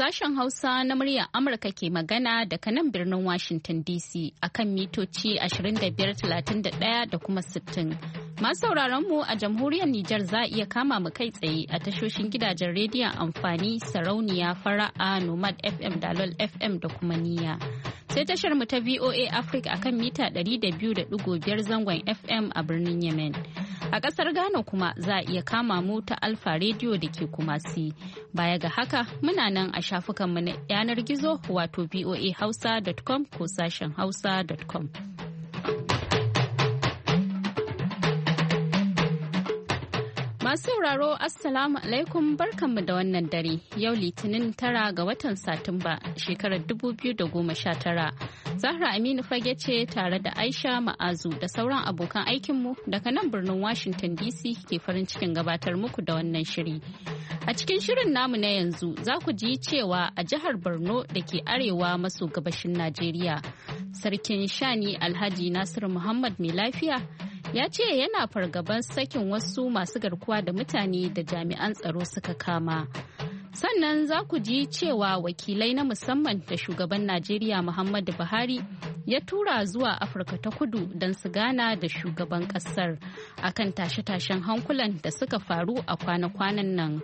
Sashen Hausa na muryar Amurka ke magana daga nan birnin Washington DC akan mitoci 25,31 da kuma 60. Masu sauraron mu a jamhuriyar Nijar za iya kama mu kai tsaye a tashoshin gidajen rediyon amfani sarauniya fara'a Nomad FM dalol FM da kuma niya Sai tashar mu ta VOA Africa akan mita 200.5 zangon FM a birnin Yemen. A ƙasar Ghana kuma za a iya kama mu ta Alfa Radio da ke Kumasi. Baya ga haka muna nan a shafukanmu na yanar gizo wato hausa.com ko sashen hausa.com. Masu sauraro Assalamu alaikum barkanmu da wannan dare yau litinin tara ga watan Satumba shekarar 2019. Zahra Aminu fage ce tare da Aisha Ma'azu da sauran abokan aikinmu daga nan birnin Washington DC ke farin cikin gabatar muku da wannan shiri. A cikin shirin namu na yanzu za ku ji cewa a jihar Borno da ke arewa maso gabashin Najeriya. Sarkin Shani Alhaji Nasiru Muhammad mai lafiya ya ce yana fargaban sakin wasu masu garkuwa da mutane da jami'an tsaro suka kama. Sannan za ku ji cewa wakilai na musamman da shugaban Najeriya Muhammadu Buhari ya tura zuwa Afirka ta kudu don su gana da shugaban kasar kan tashe-tashen hankulan da suka faru a kwana-kwanan nan.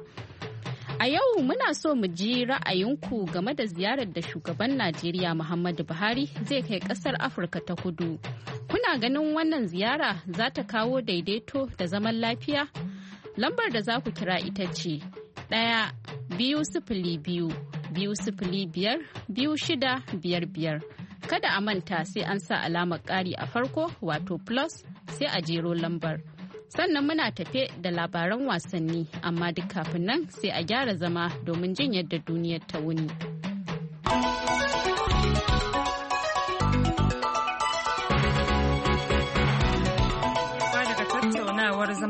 A yau muna so mu ji ra'ayinku game da ziyarar da shugaban Najeriya Muhammadu Buhari zai kai kasar Afirka ta kudu. kuna ganin wannan ziyara za ta kawo daidaito da zaman lafiya? Lambar da za ku kira ita ce ɗaya biyu sifili biyu biyu sifili biyar biyu shida biyar biyar. Kada a manta sai an sa alamar ƙari a farko wato plus sai a jero lambar. Sannan muna tafe da labaran wasanni amma duk kafin nan sai a gyara zama domin jin yadda duniyar ta wuni.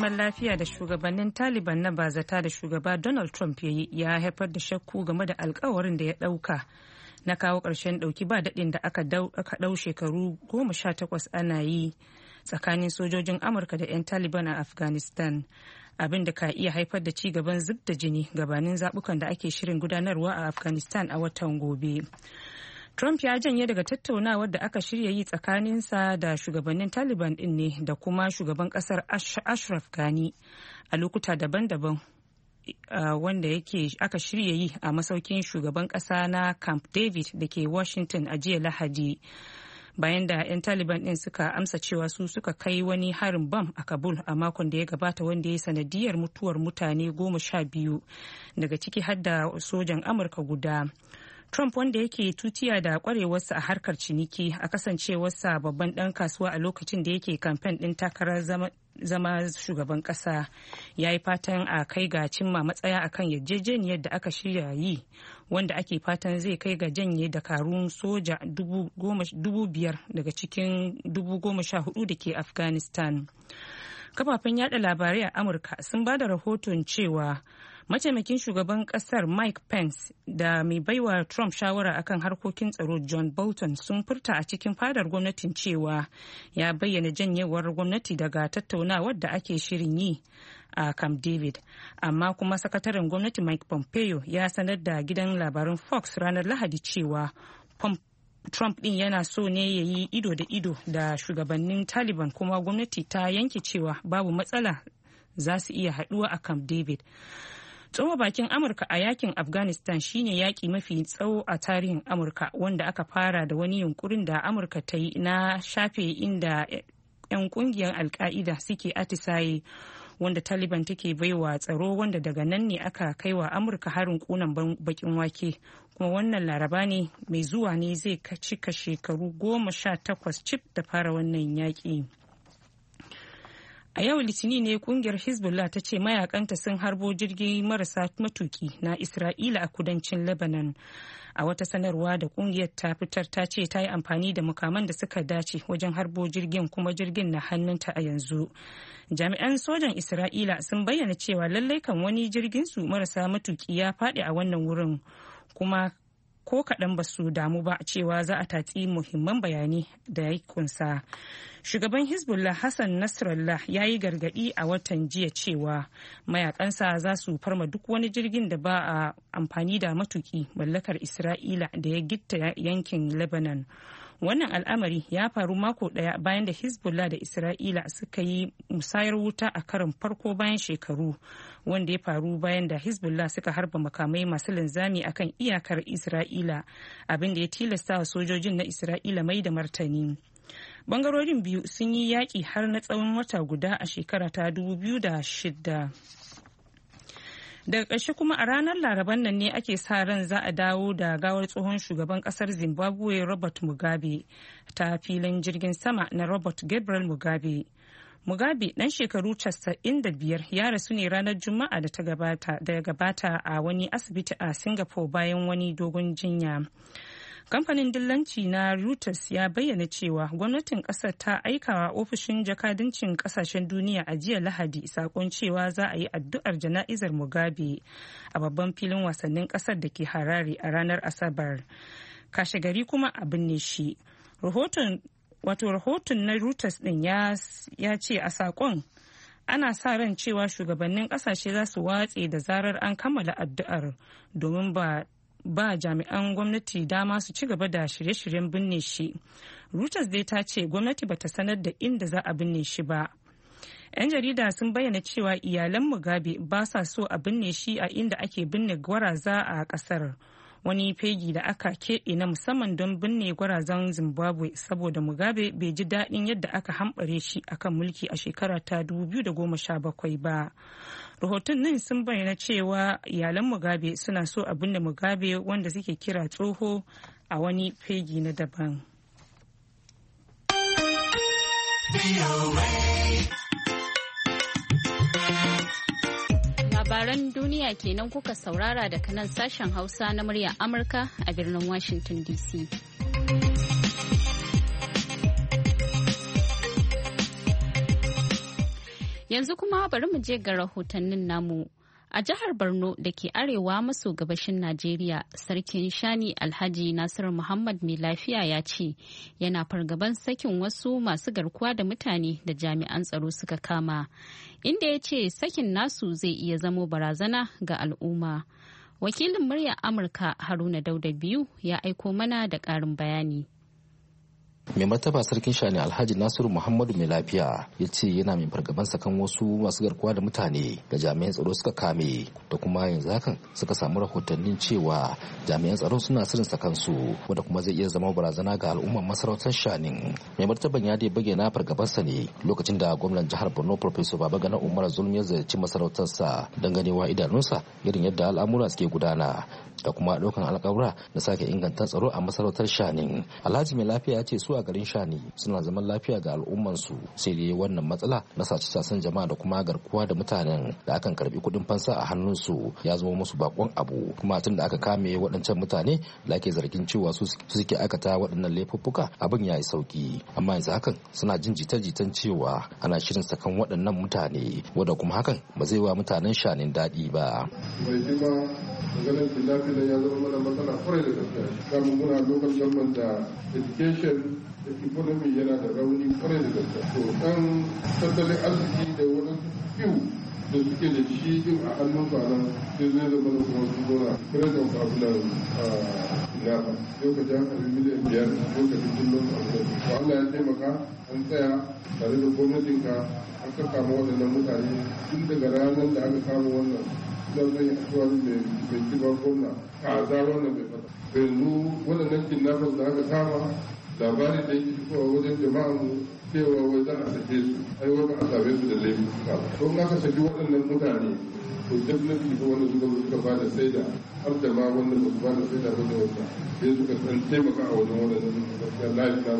zaman lafiya da shugabannin taliban na bazata da shugaba donald trump ya yi ya haifar da shakku game da alkawarin da ya ɗauka na kawo karshen ɗauki ba daɗin da aka ɗau shekaru goma sha takwas ana yi tsakanin sojojin amurka da 'yan taliban a afghanistan abin da ka iya haifar da ci gaban zub da jini gabanin zabukan da ake shirin gudanarwa a afghanistan a watan gobe Trump ya janye daga tattaunawar da aka shirya yi tsakaninsa da shugabannin Taliban din ne da kuma shugaban kasar Ashraf Ghani a lokuta daban-daban wanda yake aka shirya yi a masaukin shugaban kasa na Camp David da ke Washington a jiya Lahadi. Bayan da 'yan Taliban din suka amsa cewa su suka kai wani harin bam a Kabul a makon da ya gabata wanda ya sanadiyar mutuwar mutane goma sha biyu daga ciki har da sojan Amurka guda. Trump wanda yake tutiya da kwarewarsa a harkar ciniki a kasancewarsa babban ɗan kasuwa a lokacin da yake kamfen ɗin takarar zama, shugaban ƙasa ya yi fatan a kai ga cimma matsaya a kan yarjejeniyar da aka shirya yi wanda ake fatan zai kai ga janye dakarun soja dubu biyar daga cikin dubu goma sha hudu da ke afghanistan kafafen yada labarai a amurka sun ba da rahoton cewa mataimakin shugaban kasar mike pence da mai baiwa trump shawara akan harkokin tsaro john bolton sun furta a cikin fadar gwamnatin cewa ya bayyana janyewar gwamnati daga tattaunawar da ake shirin yi a camp david amma kuma sakataren gwamnati mike pompeo ya sanar da gidan labarin fox ranar lahadi cewa Trump din yana so ne ya yi ido da ido da shugabannin Taliban kuma gwamnati ta yanke cewa babu matsala za su iya haduwa a Camp David. tsoho bakin amurka a yakin afghanistan shine yaki mafi tsawo a tarihin amurka wanda aka fara da wani yunkurin da amurka ta yi na shafe inda 'yan kungiyar alka'ida suke atisaye wanda taliban take baiwa tsaro wanda daga nan ne aka kai wa amurka harin kunan bakin wake kuma wannan laraba ne mai zuwa ne zai cika shekaru goma sha takwas cif da fara wannan yaƙi a yau litinin ne kungiyar hezbollah ta ce mayakanta sun harbo jirgi marasa matuki na isra'ila a kudancin lebanon a wata sanarwa da kungiyar ta fitar ta ce ta yi amfani da mukaman da suka dace wajen harbo jirgin kuma jirgin na hannunta a yanzu jami'an sojan isra'ila sun bayyana cewa lallai kan wani jirgin su marasa matuki ya faɗi a wannan wurin kuma ko kaɗan ba su damu ba cewa za a tatsi muhimman bayani da ya kunsa. Shugaban Hezbollah Hassan Nasrallah ya yi gargaɗi a watan jiya cewa mayakansa za su farma duk wani jirgin da ba a amfani da matuki mallakar Isra'ila da ya gitta yankin Lebanon. wannan al'amari ya faru mako daya bayan da hezbollah da isra'ila suka yi musayar wuta a karin farko bayan shekaru wanda ya faru bayan da hezbollah suka harba makamai masu linzami akan iyakar isra'ila abinda ya tilasta wa sojojin na isra'ila mai da martani bangarorin biyu sun yi yaƙi har na tsawon wata guda a shekara ta 2006 daga ƙarshe kuma a ranar laraban nan ne ake sa ran za a dawo da gawar tsohon shugaban ƙasar zimbabwe robert mugabe ta filin jirgin sama na robert gabriel mugabe mugabe ɗan shekaru 95 ya rasu ne ranar juma'a da ta gabata da gabata a wani asibiti a singapore bayan wani dogon jinya kamfanin dillanci na reuters ya bayyana cewa gwamnatin kasar ta aikawa ofishin jakadancin kasashen duniya a jiya lahadi sakon cewa za a yi addu'ar jana'izar mugabe a babban filin wasannin kasar da ke harare a ranar asabar kashe gari kuma a binne shi wato rahoton na reuters din ya ce a sakon ana sa ran cewa shugabannin kasashe za su watse da zarar an kammala addu'ar domin ba ba jami'an gwamnati dama su ci gaba da shirye-shiryen binne shi. Reuters dai ta ce gwamnati ba ta sanar da inda za a binne shi ba. 'Yan jarida sun bayyana cewa iyalan Mugabe ba sa so a binne shi a inda ake binne gwaraza a kasar. Wani fegi da aka keɓe na musamman don binne gwarazan Zimbabwe saboda Mugabe bai ji daɗin yadda aka hambare shi akan mulki a shekara ta 2017 ba. rahoton nan sun bayyana cewa iyalan mugabe suna so abin da mugabe wanda suke kira tsoho a wani fegi na daban labaran duniya kenan kuka saurara daga nan sashen hausa na murya amurka a birnin washington dc Yanzu kuma bari mu je ga rahotannin namu. A jihar Borno da ke arewa maso gabashin Najeriya, Sarkin Shani Alhaji Nasiru Muhammad mai lafiya ya ce yana fargaban sakin wasu masu garkuwa da mutane da jami'an tsaro suka kama, inda ya ce sakin nasu zai iya zamo barazana ga al'umma. Wakilin murya Amurka Haruna Dauda biyu ya aiko mana da ƙarin bayani. mai martaba sarkin shani alhaji nasiru muhammadu mai lafiya ya ce yana mai fargaban sakan wasu masu garkuwa da mutane da jami'an tsaro suka kame da kuma yanzu hakan suka samu rahotannin cewa jami'an tsaro suna sirin sakan su wanda kuma zai iya zama barazana ga al'ummar masarautar shanin mai martaban ya dai bayyana fargaban ne lokacin da gwamnan jihar borno professor babagana umar zulum ya ziyarci masarautar sa don ganewa idanunsa irin yadda al'amura suke gudana da kuma ɗaukan alƙawura da sake inganta tsaro a masarautar shanin alhaji mai lafiya ya ce su zuwa garin shani suna zaman lafiya ga al'ummansu sai dai wannan matsala na sace sasan jama'a da kuma garkuwa da mutanen da akan karbi kudin fansa a hannunsu ya zama musu bakon abu kuma tun da aka kame waɗancan mutane da ake zargin cewa su suke aikata waɗannan laifuffuka abin ya yi sauki amma yanzu hakan suna jin jita-jitan cewa ana shirin sakan waɗannan mutane wanda kuma hakan ba zai wa mutanen shanin daɗi ba. mai jima ya zama mana matsala kwarai da gaske kamar muna lokacin da education economy yana da rauni kwarai da gaske to dan tattalin arziki da wani biyu da suke da shi din a hannun su nan sai zai zama da kuma sun zora kira da kafilan lafa lokacin hankali miliyan biyar lokacin jillon kafilan to Allah ya taimaka an tsaya tare da gwamnatinka an ka kama waɗannan mutane tun daga ranar da aka kama wannan don zai asuwar mai kibar gwamna a azar wannan bai fata yanzu waɗannan kidnappers da aka kama labarin da yake fitowa wajen jama'a mu cewa wai za a sake su ai wai ba a same su da laifuka don aka saki waɗannan mutane to fi ko wani zuba suka ba da saida har da ma wanda ba su ba da saida ba da wata sai suka san taimaka a wajen waɗannan gaskiya lafiya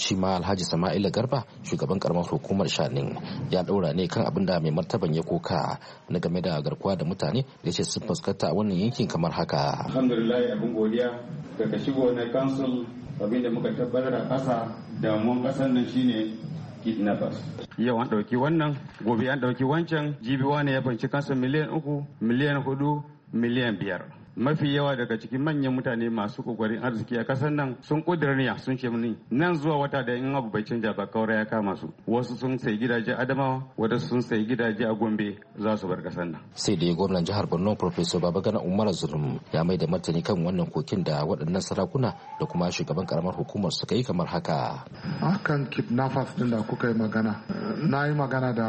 shi ma alhaji sama'ila garba shugaban karamar hukumar shanin ya daura ne kan abin da mai martaban ya koka na game da garkuwa da mutane da ce sun fuskanta wannan yankin kamar haka alhamdulillah abin godiya daga shigo na kansul abinda muka tabbatar a ƙasa damuwan kasan nan shine kidnappers. Yau an ɗauki wannan, gobe an ɗauki wancan, jibi ne ya fanci kansa miliyan uku, miliyan hudu, miliyan biyar. mafi yawa daga cikin manyan mutane masu kokarin arziki a kasar nan sun kudirniya sun ce mini nan zuwa wata da in abu bai canja ba kaura ya kama su wasu sun sayi gidaje adamawa wadansu sun sayi gidaje a gombe za su bar kasar nan sai dai gwamnan jihar borno professor babagana umar zulum ya mai da martani kan wannan kokin da waɗannan sarakuna da kuma shugaban karamar hukumar suka yi kamar haka akan kidnappers din da kuka yi magana na yi magana da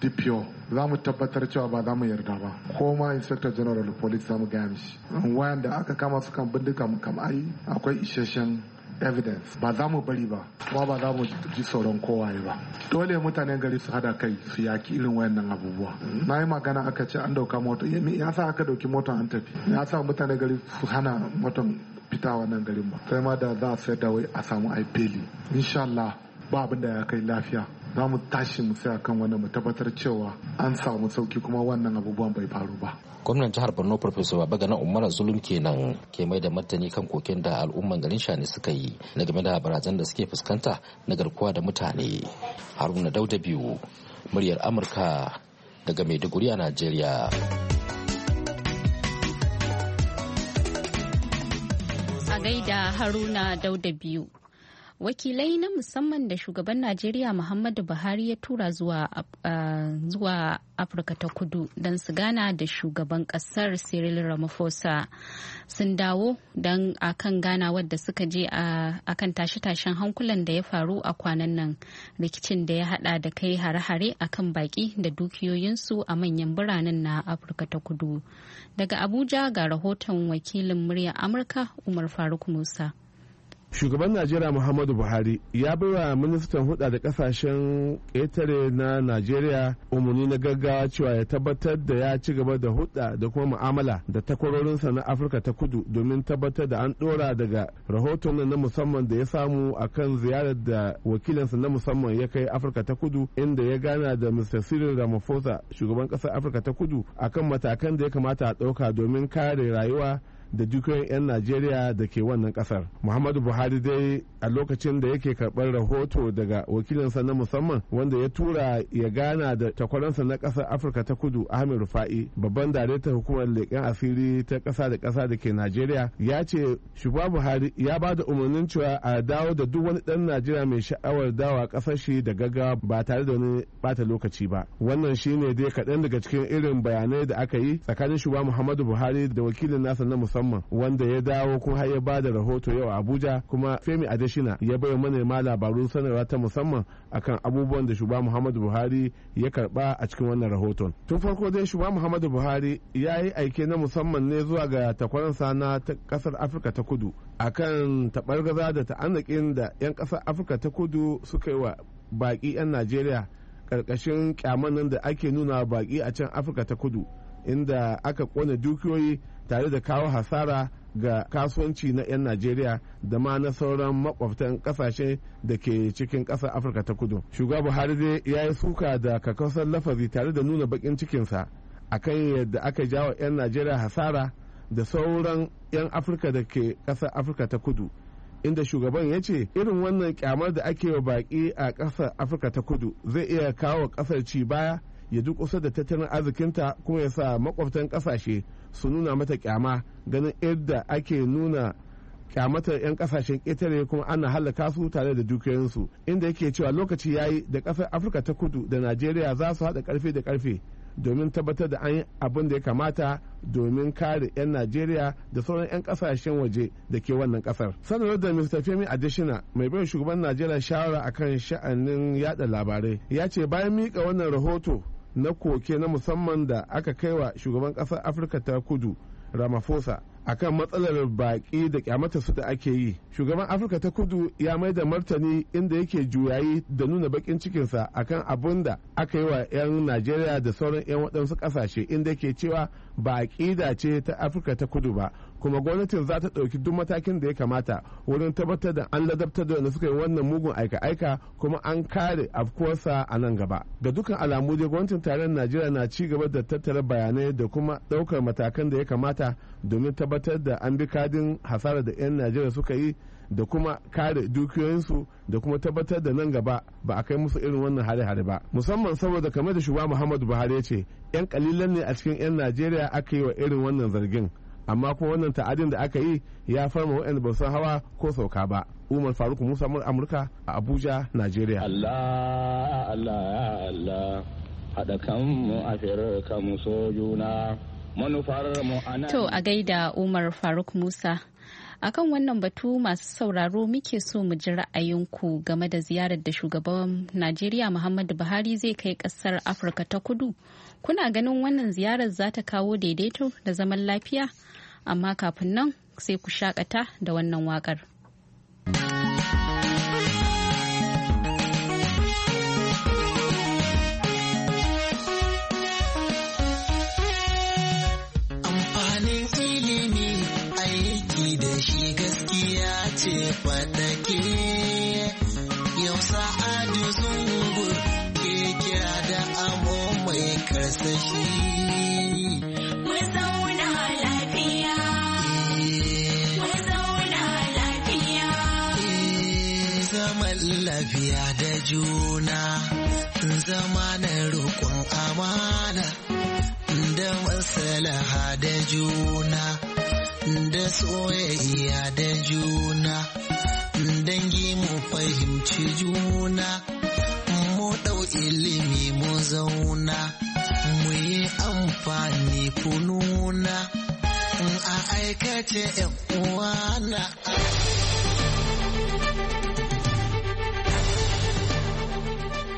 dpo za mu tabbatar cewa ba za mu yarda ba ko ma inspector general police za mu gaya mishi wayan da aka kama su kan bindiga kam ai akwai isasshen evidence ba za mu bari ba kuma ba za mu ji sauran kowaye ba dole mutanen gari su hada kai su yaki irin wayannan abubuwa na yi magana aka ce an dauka mota ya sa aka dauki mota an tafi ya sa mutanen gari su hana motan fita wannan garin ba sai ma da za a sayar da wai a samu ai peli insha Allah ba abin da ya kai lafiya za mu tashi mu tsaya kan wannan mu tabbatar cewa an samu sauki kuma wannan abubuwan bai faru ba gwamnan jihar borno professor babagana umar zulum kenan ke mai da martani kan koken da al'umman garin shani suka yi na game da barazan da suke fuskanta na garkuwa da mutane haruna dauda biyu muryar amurka daga maiduguri a najeriya a gaida haruna dauda biyu wakilai na musamman da shugaban najeriya muhammadu buhari ya tura zuwa afirka ta kudu don su gana da shugaban kasar cyril ramaphosa sun dawo don akan gana wadda suka je a kan tashe-tashen hankulan da ya faru a kwanan nan rikicin da ya hada da kai hare-hare a kan baki da dukiyoyinsu a manyan biranen na afirka ta kudu daga abuja ga rahoton wakilin murya amurka umar faruk musa shugaban najeriya muhammadu buhari ya bai wa ministan hudu da kasashen ƙetare na najeriya umarni na gaggawa cewa ya tabbatar da ya ci gaba da hudu da kuma mu'amala da takwarorinsa na afirka ta kudu domin tabbatar da an dora daga rahoton na musamman da ya samu akan ziyarar da wakilinsa na musamman ya kai afirka ta kudu inda ya gana da mr cyril ramaphosa shugaban ƙasar afirka ta kudu akan matakan da ya kamata a ɗauka domin kare rayuwa da dukiyoyin 'yan najeriya da ke wannan kasar muhammadu buhari dai a lokacin da yake karɓar rahoto daga wakilinsa na musamman wanda ya tura ya gana da takwaransa na kasar afirka ta kudu ahmed rufa'i babban daretar hukumar leƙen asiri ta ƙasa da ƙasa da ke najeriya ya ce shugaba buhari ya ba da umarnin cewa a dawo da duk wani ɗan najeriya mai sha'awar dawa ƙasar shi da gaggawa ba tare da wani bata lokaci ba wannan shine dai kaɗan daga cikin irin bayanai da aka yi tsakanin shugaba muhammadu buhari da wakilin nasa na musamman musamman wanda ya dawo ko har ya ba da rahoto yau abuja kuma femi adeshina ya bai manema labarun sanarwa ta musamman akan abubuwan da shugaba muhammadu buhari ya karba a cikin wannan rahoton tun farko dai shugaba muhammadu buhari ya yi aike na musamman ne zuwa ga takwaransa na kasar afirka ta kudu akan taɓargaza da ta'annakin da 'yan kasar afirka ta kudu suka yi wa baƙi 'yan najeriya ƙarƙashin kyaman da ake nuna baki a can afirka ta kudu inda aka ƙone dukiyoyi tare da kawo hasara ga kasuwanci na 'yan najeriya da ma na sauran makwabtan kasashe da ke cikin ƙasar afirka ta kudu shugaba buhari dai ya yi suka da kakausar lafazi tare da nuna bakin cikinsa a kan yadda aka jawo 'yan najeriya hasara da sauran 'yan afirka da ke ƙasar afirka ta kudu inda shugaban ya ce irin wannan kyamar da ake wa baƙi a ƙasar afirka ta kudu zai iya kawo ƙasar ci baya ya duk kusa da tattalin arzikinta kuma ya sa makwabtan ƙasashe su nuna mata kyama ganin yadda ake nuna kyamatar 'yan kasashen ƙetare kuma ana halaka su tare da dukiyoyinsu inda yake cewa lokaci ya yi da ƙasar afirka ta kudu da najeriya za su haɗa ƙarfe da ƙarfe domin tabbatar da an yi abin da ya kamata domin kare 'yan najeriya da sauran 'yan kasashen waje da ke wannan ƙasar. sanarwar da mr femi adishina mai bayan shugaban najeriya shawara akan sha'anin yada labarai ya ce bayan mika wannan rahoto na koke na musamman da aka kaiwa shugaban ƙasar afirka ta kudu ramaphosa akan matsalar baƙi da kyamata su da ake yi shugaban afirka ta kudu ya mai da martani inda yake juyayi da nuna baƙin cikinsa akan abun da aka yi wa 'yan najeriya da sauran 'yan waɗansu ƙasashe inda yake cewa ba da ce ta afirka ta kudu ba kuma gwamnatin za ta ɗauki duk matakin da ya kamata wurin tabbatar da an ladabtar da wanda suka yi wannan mugun aika-aika kuma an kare afkuwarsa a nan gaba ga dukkan alamu dai gwamnatin tarayyar najeriya na ci gaba da tattara bayanai da kuma ɗaukar matakan da ya kamata domin tabbatar da an bi kadin hasara da 'yan najeriya suka yi da kuma kare dukiyoyinsu da kuma tabbatar da nan gaba ba a kai musu irin wannan hare-hare ba musamman saboda kamar da shugaba muhammadu buhari ya ce 'yan kalilan ne a cikin 'yan najeriya aka yi wa irin wannan zargin amma ko wannan ta'adin da aka yi ya farma waɗanda ba su hawa ko sauka ba umar faruk musa mur amurka a abuja nigeria allah allah ya allah haɗa kan mu afirka mu so juna manufar mu to a gaida umar faruk musa akan wannan batu masu sauraro muke so mu ji ra'ayinku game da ziyarar da shugaban najeriya muhammadu buhari zai kai kasar afirka ta kudu kuna ganin wannan ziyarar za ta kawo daidaito da zaman lafiya amma kafin nan sai ku shaƙata da wannan waƙar. Amfanin ilimi aiki da shi gaskiya ce faɗake yau sa'adu zungur ke kira da amo mai karsashi. zaman lafiya da juna zama na roƙon amana da masalaha da juna da soyayya da juna dangi mu fahimci juna mu ɗau ilimi mu zauna mu yi amfani kununa a aikace uwana.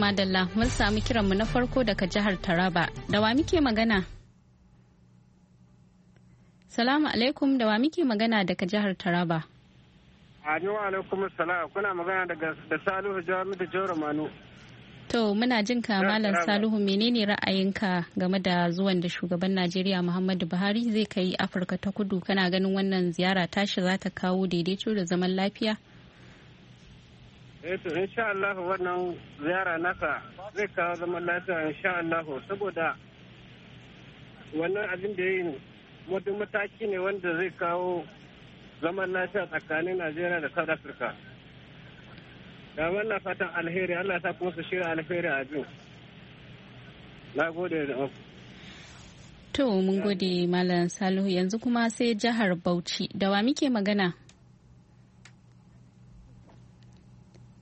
madalla mun samu kiranmu na farko daga jihar Taraba. Da wa muke magana? Salamu alaikum da wa muke magana daga jihar Taraba. Amin wa alaikum salam kuna magana daga da Salihu Jami'u Jauro Manu. To muna jin ka Malam Salihu menene ra'ayinka game da zuwan da shugaban Najeriya Muhammadu Buhari zai kai Afirka ta Kudu kana ganin wannan ziyara tashi za ta kawo daidaito da zaman lafiya? eto eh to insha Allah wannan ziyara nasa zai kawo zaman lafiya insha Allah saboda wannan abin da yi wani mataki ne wanda zai kawo zaman lafiya tsakanin Najeriya da South Africa. Da wannan fatan alheri Allah ta kuma su shirya alheri a jin. Na gode da To mun gode Malam Salihu yanzu kuma sai jihar Bauchi da wa muke magana?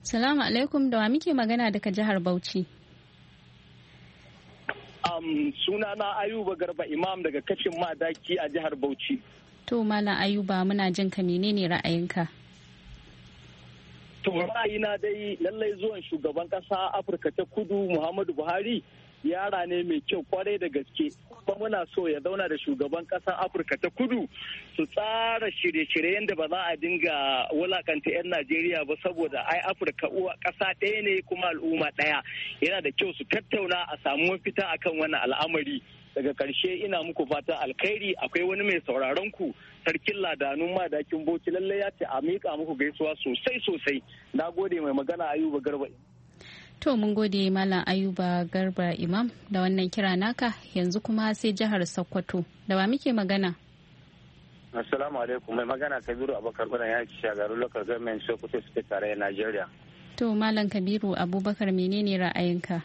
Salamu alaikum da wa muke magana daga jihar Bauchi. Um, sunana Ayuba Garba Imam daga kashin madaki a jihar Bauchi. To Malam Ayuba muna jin ka menene ra'ayinka? To ra'ayina dai lallai zuwan shugaban ƙasa Afirka ta Kudu Muhammadu Buhari yara ne mai kyau kwarai da gaske kuma muna so ya zauna da shugaban ƙasar afirka ta kudu su tsara shirye-shirye yadda ba za a dinga wulakanta 'yan najeriya ba saboda ai afirka uwa kasa ɗaya ne kuma al'umma ɗaya yana da kyau su tattauna a samu mafita akan wannan al'amari daga karshe ina muku fatan alkhairi akwai wani mai sauraron ku sarkin ladanun madakin boki lallai ya ce a miƙa muku gaisuwa sosai sosai na gode mai magana ayuba garba To mun gode Malam Ayuba Garba Imam da wannan kira naka yanzu kuma sai jihar Sokoto. Da wa muke magana? Assalamu alaikum mai magana Kabiru Abubakar Bana ya ci shagaru local government Sokoto suke tare Najeriya. To Malam Kabiru Abubakar menene ra'ayinka?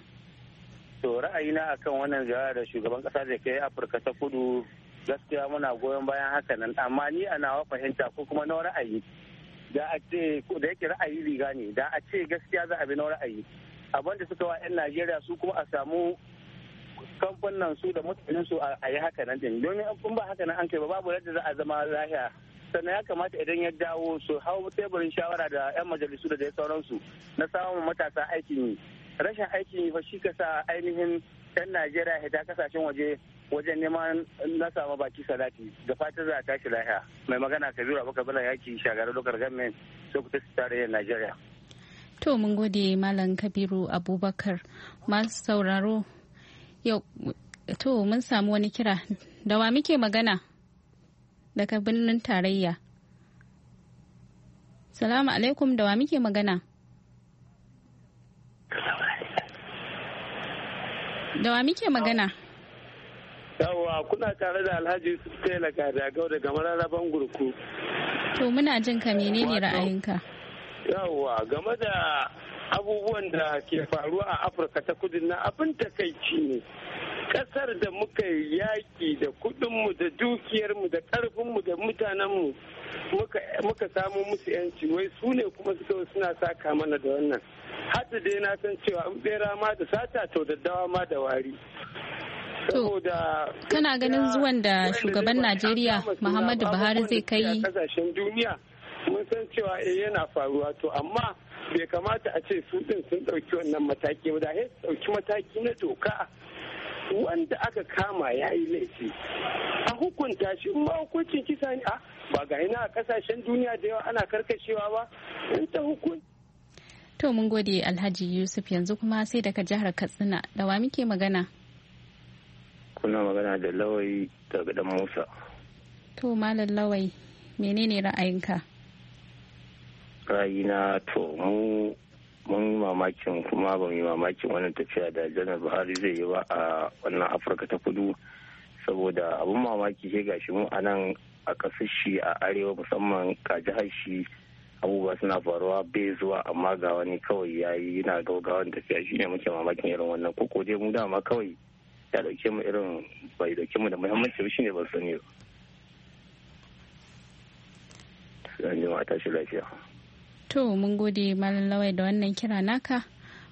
To ra'ayina akan wannan ziyara da shugaban kasa da ke Afirka ta Kudu gaskiya muna goyon bayan haka nan amma ni ana fahimta ko kuma na ra'ayi da a ce da yake ra'ayi riga ne da a ce gaskiya za a bi na ra'ayi abin da suka wa 'yan najeriya su kuma a samu kamfanin su da mutanen su a yi haka nan din domin in ba haka nan an kai ba babu yadda za a zama lahiya sannan ya kamata idan ya dawo su hau teburin shawara da 'yan majalisu da dai sauransu na samun matasa aikin yi rashin aikin yi fa shi ka sa ainihin 'yan najeriya hita kasashen waje wajen neman na samu baki salati da fatan za a tashi lahiya mai magana kabiru abubakar bala yaki shagarar lokar gamin tare tarayyar najeriya To mun gode Malam Kabiru Abubakar masu sauraro yau to mun samu wani kira da wa muke magana daga birnin tarayya. Salamu alaikum da wa muke magana. Da wa muke magana? Yawwa kuna tare da Alhaji Yusuf Tela Gadagau daga mararraban gurku. To muna jin ka menene ra'ayinka? yawwa game da abubuwan da ke faruwa a afirka ta kudu na abin takaici ne kasar da muka yaƙi da kudinmu da dukiyarmu da ƙarfinmu da mutanenmu muka samu musu yanci wai su ne kuma suka suna saka mana da wannan hatta dai na san cewa in bera ma da sata to daddawa ma da wari To, kana ganin zuwan da shugaban Najeriya Muhammadu Buhari zai kai ƙasashen duniya mun san cewa eh yana faruwa to amma bai kamata a ce su din sun dauki wannan mataki ba da he dauki mataki na doka wanda aka kama ya yi laifi a hukunta shi in ma hukuncin kisa ne a ba ga ina a kasashen duniya da yawa ana karkashewa ba in ta to mun gode alhaji yusuf yanzu kuma sai daga jihar katsina da wa muke magana kuna magana da lawai daga dan musa to malam lawai menene ra'ayinka rayina to mu mun yi mamakin kuma ba mu yi mamakin wannan tafiya da janar buhari zai yi ba a wannan afirka ta kudu saboda abin mamaki ke gashi mu a nan a ƙasar shi a arewa musamman ka jihar shi abubuwa suna faruwa bai zuwa amma ga wani kawai ya yi yana gaugawan tafiya shi ne muke mamakin irin wannan ko dai mu dama kawai ya dauke mu irin bai dauke mu da muhimmanci shi ne ban sani ba. Sai an a tashi lafiya. To mun gode Malam Lawai da wannan kira naka.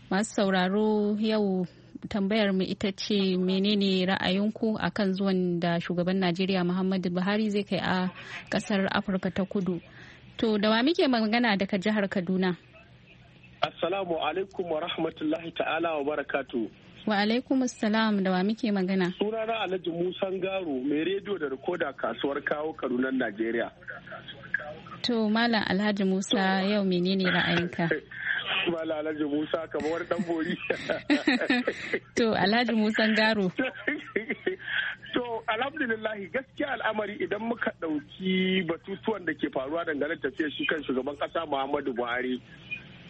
Masu sauraro yau tambayar mu ita ce menene ra'ayinku a kan zuwan da shugaban Najeriya Muhammadu Buhari zai kai a kasar Afirka ta Kudu. To da wa muke magana daga jihar Kaduna? Assalamu alaikum wa rahmatullahi ta'ala wa barakatu. Wa alaikum assalam da wa muke magana. Sunana Alhaji Musan Garo mai rediyo da rikoda kasuwar kawo Kadunan Najeriya. To Malam Alhaji Musa yau menene ra'ayinka? Malam Alhaji Musa kamar dan bori. To Alhaji Musa Garo. To alhamdulillah gaskiya al'amari idan muka ɗauki batutuwan da ke faruwa dangane tafiyar shi kan shugaban ƙasa Muhammadu Buhari.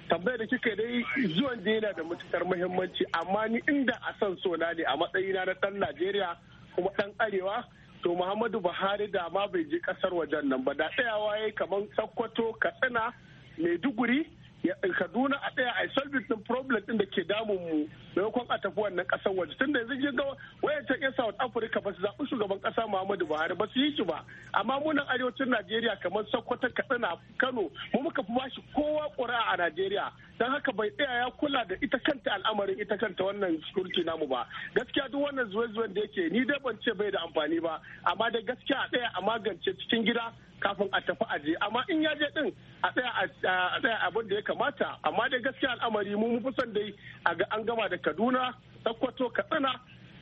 Tambayar da kika dai zuwan da yana da matukar muhimmanci amma ni inda a son sona ne a matsayina na ɗan Najeriya kuma ɗan Arewa to muhammadu buhari da ma bai je kasar wajen nan ba da tsayawa ya kamar sakkwato katsina maiduguri kaduna a ɗaya a solve din problem din da ke damun mu maimakon a tafi wannan ƙasar waje tun yanzu kin ga wayancan yan south africa ba su zaɓi shugaban ƙasa muhammadu buhari ba su yi shi ba amma munan arewacin najeriya kamar sokoto katsina kano mu muka fi bashi kowa ƙuri'a a najeriya don haka bai tsaya ya kula da ita kanta al'amarin ita kanta wannan security namu ba gaskiya duk wannan zuwe-zuwen da yake ni dai ban ce bai da amfani ba amma da gaskiya a ɗaya a magance cikin gida kafin a tafi aje amma in ya je din a tsaya abin da ya kamata amma dai gaskiya al'amari mu fi son dai a ga an gama da kaduna sakkwato katsina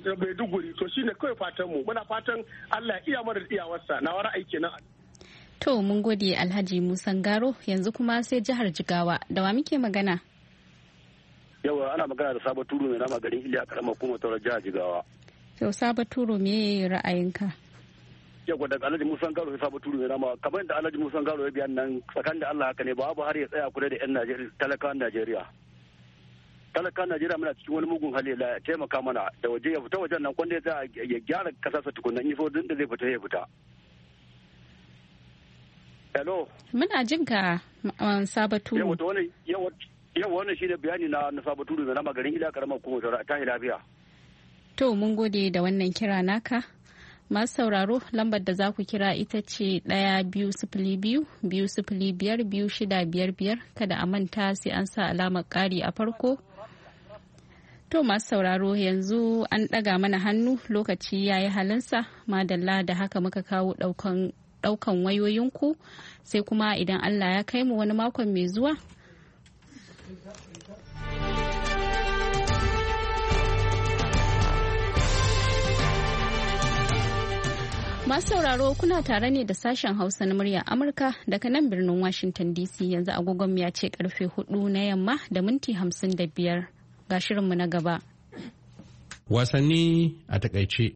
da maiduguri to shine kawai fatan mu muna fatan allah iya mara iyawarsa na aiki na to mun gode alhaji musan garo yanzu kuma sai jihar jigawa da wa muke magana yawa ana magana da sabaturu mai nama garin iliya karamar kuma taurar jihar jigawa yau sabaturu me ra'ayinka ya gwada alhaji Musa garo ya saba turu mai rama kamar da alhaji Musa garo ya biyan nan tsakanin da allah haka ne ba har ya tsaya kula da yan najeriya talakawan najeriya talakan najeriya muna cikin wani mugun hali la taimaka mana da waje ya fita wajen nan kwanda ya gyara kasa sa tukunan ifo din da zai fita ya fita hello muna jin ka um, sabatu yawa wannan shi ne bayani na na sabatu da na magarin ila karamar kuma ta lafiya to mun gode da wannan kira naka masu sauraro lambar da za ku kira ita ce ɗaya biyu sifili biyu biyu sifili biyar biyu shida biyar biyar kada a manta sai an sa alamar ƙari a farko to masu sauraro yanzu an ɗaga mana hannu lokaci ya yi halinsa madalla da haka muka kawo ɗaukan wayoyinku sai kuma idan allah ya kai mu wani makon mai zuwa Masu sauraro kuna tare ne da sashen Hausa na murya Amurka daga nan birnin Washington DC yanzu agogon ya ce karfe hudu na yamma da minti hamsin da biyar ga shirinmu na gaba. Wasanni a takaice.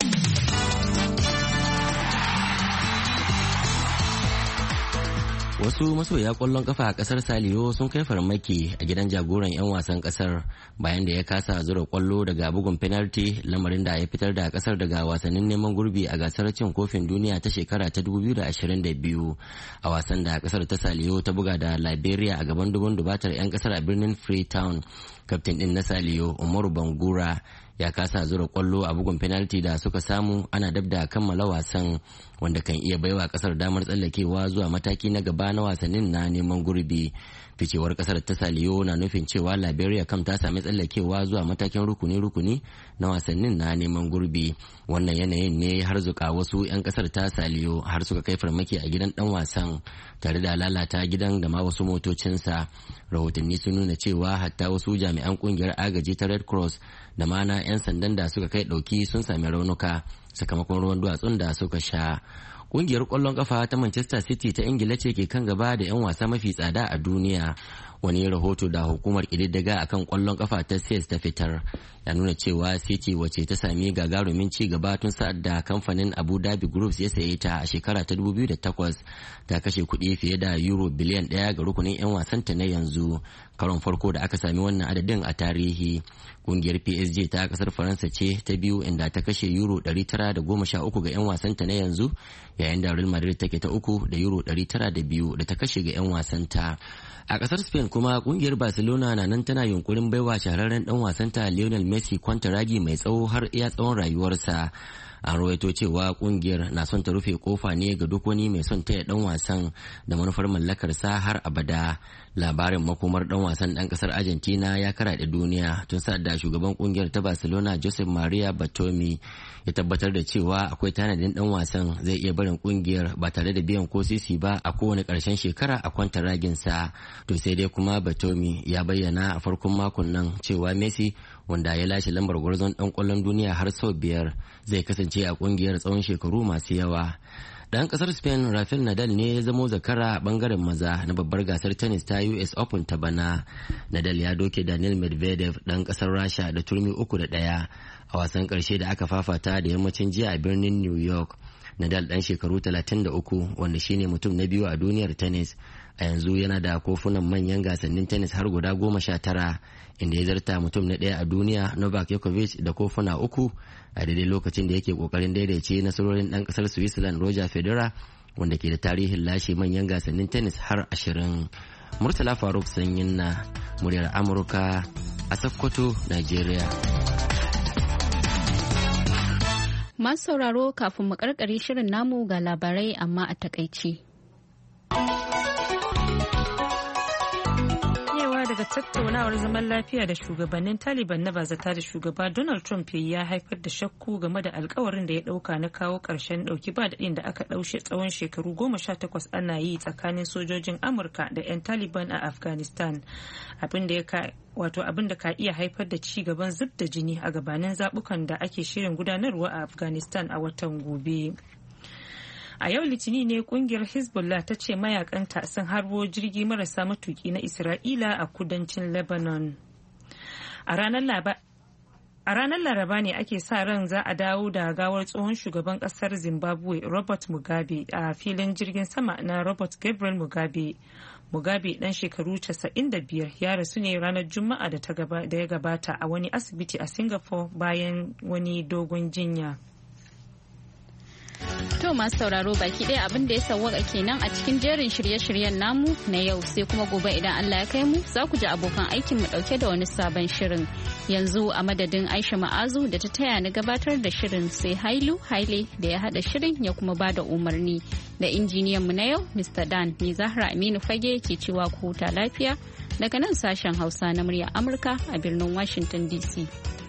wasu masoya kwallon kafa a kasar saliyo sun kai farmaki a gidan jagoran 'yan wasan kasar bayan da ya kasa zura kwallo daga bugun penalty lamarin da ya fitar da kasar daga wasannin neman gurbi a gasar cin kofin duniya ta shekara ta 2022 a wasan da kasar ta saliyo ta buga da liberia a gaban dubun dubatar 'yan kasar a birnin freetown kaftin din na saliyo umaru bangura ya kasa zura kwallo a bugun penalty da suka samu ana dab da kammala wasan wanda kan iya baiwa kasar damar tsallakewa zuwa mataki na gaba na wasannin na neman gurbi ficewar kasar ta saliyo na nufin cewa liberia kam ta sami tsallakewa zuwa matakin rukuni-rukuni na wasannin na neman gurbi wannan yanayin ne har zuka wasu 'yan kasar ta saliyo har suka kai farmaki a gidan dan wasan tare da lalata gidan da ma wasu motocinsa rahotanni sun nuna cewa hatta wasu jami'an kungiyar agaji ta red cross da mana 'yan sandan da suka kai ɗauki sun sami raunuka sakamakon ruwan duwatsun da suka sha kungiyar kwallon kafa ta manchester city ta ingila ce ke kan gaba da 'yan wasa mafi tsada a duniya wani rahoto da hukumar ƙididdiga akan kwallon kafa ta cs ta fitar ya nuna cewa city wace ta sami gagarumin ci gaba tun sa'ad da kamfanin abu dhabi groups ya saye ta a shekara ta 2008 ta kashe kuɗi fiye da euro biliyan ɗaya ga rukunin 'yan wasanta na yanzu karon farko da aka sami wannan adadin a tarihi kungiyar psg ta kasar faransa ce ta biyu inda ta kashe euro 913 ga 'yan wasanta na yanzu yayin da real madrid take ta uku da euro 902 da ta kashe ga 'yan wasanta a kasar spain kuma kungiyar barcelona na nan tana yunkurin baiwa shahararren dan wasanta lionel messi kwanta ragi mai tsawo har iya tsawon rayuwarsa an rawaito cewa kungiyar na son ta rufe kofa ne ga duk wani mai son taya dan wasan da manufar mallakarsa har abada labarin makomar dan wasan dan kasar argentina ya karaɗe duniya tun da shugaban kungiyar ta barcelona joseph maria batomi ya tabbatar da cewa akwai tanadin dan wasan zai iya barin kungiyar ba tare da biyan ko sisi ba a kowane karshen shekara a kwanta raginsa to sai dai kuma batomi ya bayyana a farkon makon nan cewa messi wanda ya lashe lambar gwarzon dan kwallon duniya har sau biyar zai kasance a kungiyar tsawon shekaru masu yawa Dan kasar Spain Rafael Nadal ne ya zamo zakara a bangaren maza na babbar gasar tennis ta US Open ta bana. Nadal ya doke Daniel Medvedev dan kasar Rasha da turmi uku da ɗaya a wasan karshe da aka fafata da yammacin jiya a birnin New York. Nadal dan shekaru 33 wanda shine mutum na biyu a duniyar tennis a yanzu yana da kofunan manyan gasannin tennis har guda goma sha tara inda ya zarta mutum na ɗaya a duniya Novak Djokovic da kofuna uku a daidai lokacin da yake kokarin daidaice nasarorin dan kasar switzerland roger federer wanda ke da tarihin lashe manyan gasannin tennis har ashirin murtala faruk sanyin na muryar amurka a sokoto nigeria masu sauraro kafin mu karkare shirin namu ga labarai amma a takaici. da tattaunawar zaman lafiya da shugabannin taliban na bazata da shugaba donald trump ya haifar da shakku game da alkawarin da ya dauka na kawo karshen dauki ba daɗin da aka daushe tsawon shekaru goma sha takwas ana yi tsakanin sojojin amurka da 'yan taliban a afghanistan wato abin da ka iya haifar da ci gaban zub da jini a gabanin zabukan da ake shirin gudanarwa a afghanistan a watan gobe a yau litini ne kungiyar hezbollah ta ce mayakanta sun harbo jirgi marasa matuki na isra'ila a kudancin lebanon a ranar laraba ne ake sa ran za a dawo da gawar tsohon shugaban kasar zimbabwe robert mugabe a filin jirgin sama na robert gabriel mugabe mugabe dan shekaru 95 ya rasu ne ranar juma'a da ya gabata a wani asibiti a singapore bayan wani dogon jinya. To masu sauraro baki ɗaya abin da ya sawwaka kenan a cikin jerin shirye-shiryen namu na yau sai kuma gobe idan Allah ya kai mu za ku ji abokan aikin mu ɗauke da wani sabon shirin. Yanzu a madadin Aisha Ma'azu da ta taya ni gabatar da shirin sai Hailu Haile da ya haɗa shirin ya kuma ba da umarni da injiniyan mu na yau Mr. Dan ni Zahra Aminu Fage ke cewa ku huta lafiya daga nan sashen Hausa na murya Amurka a birnin Washington DC.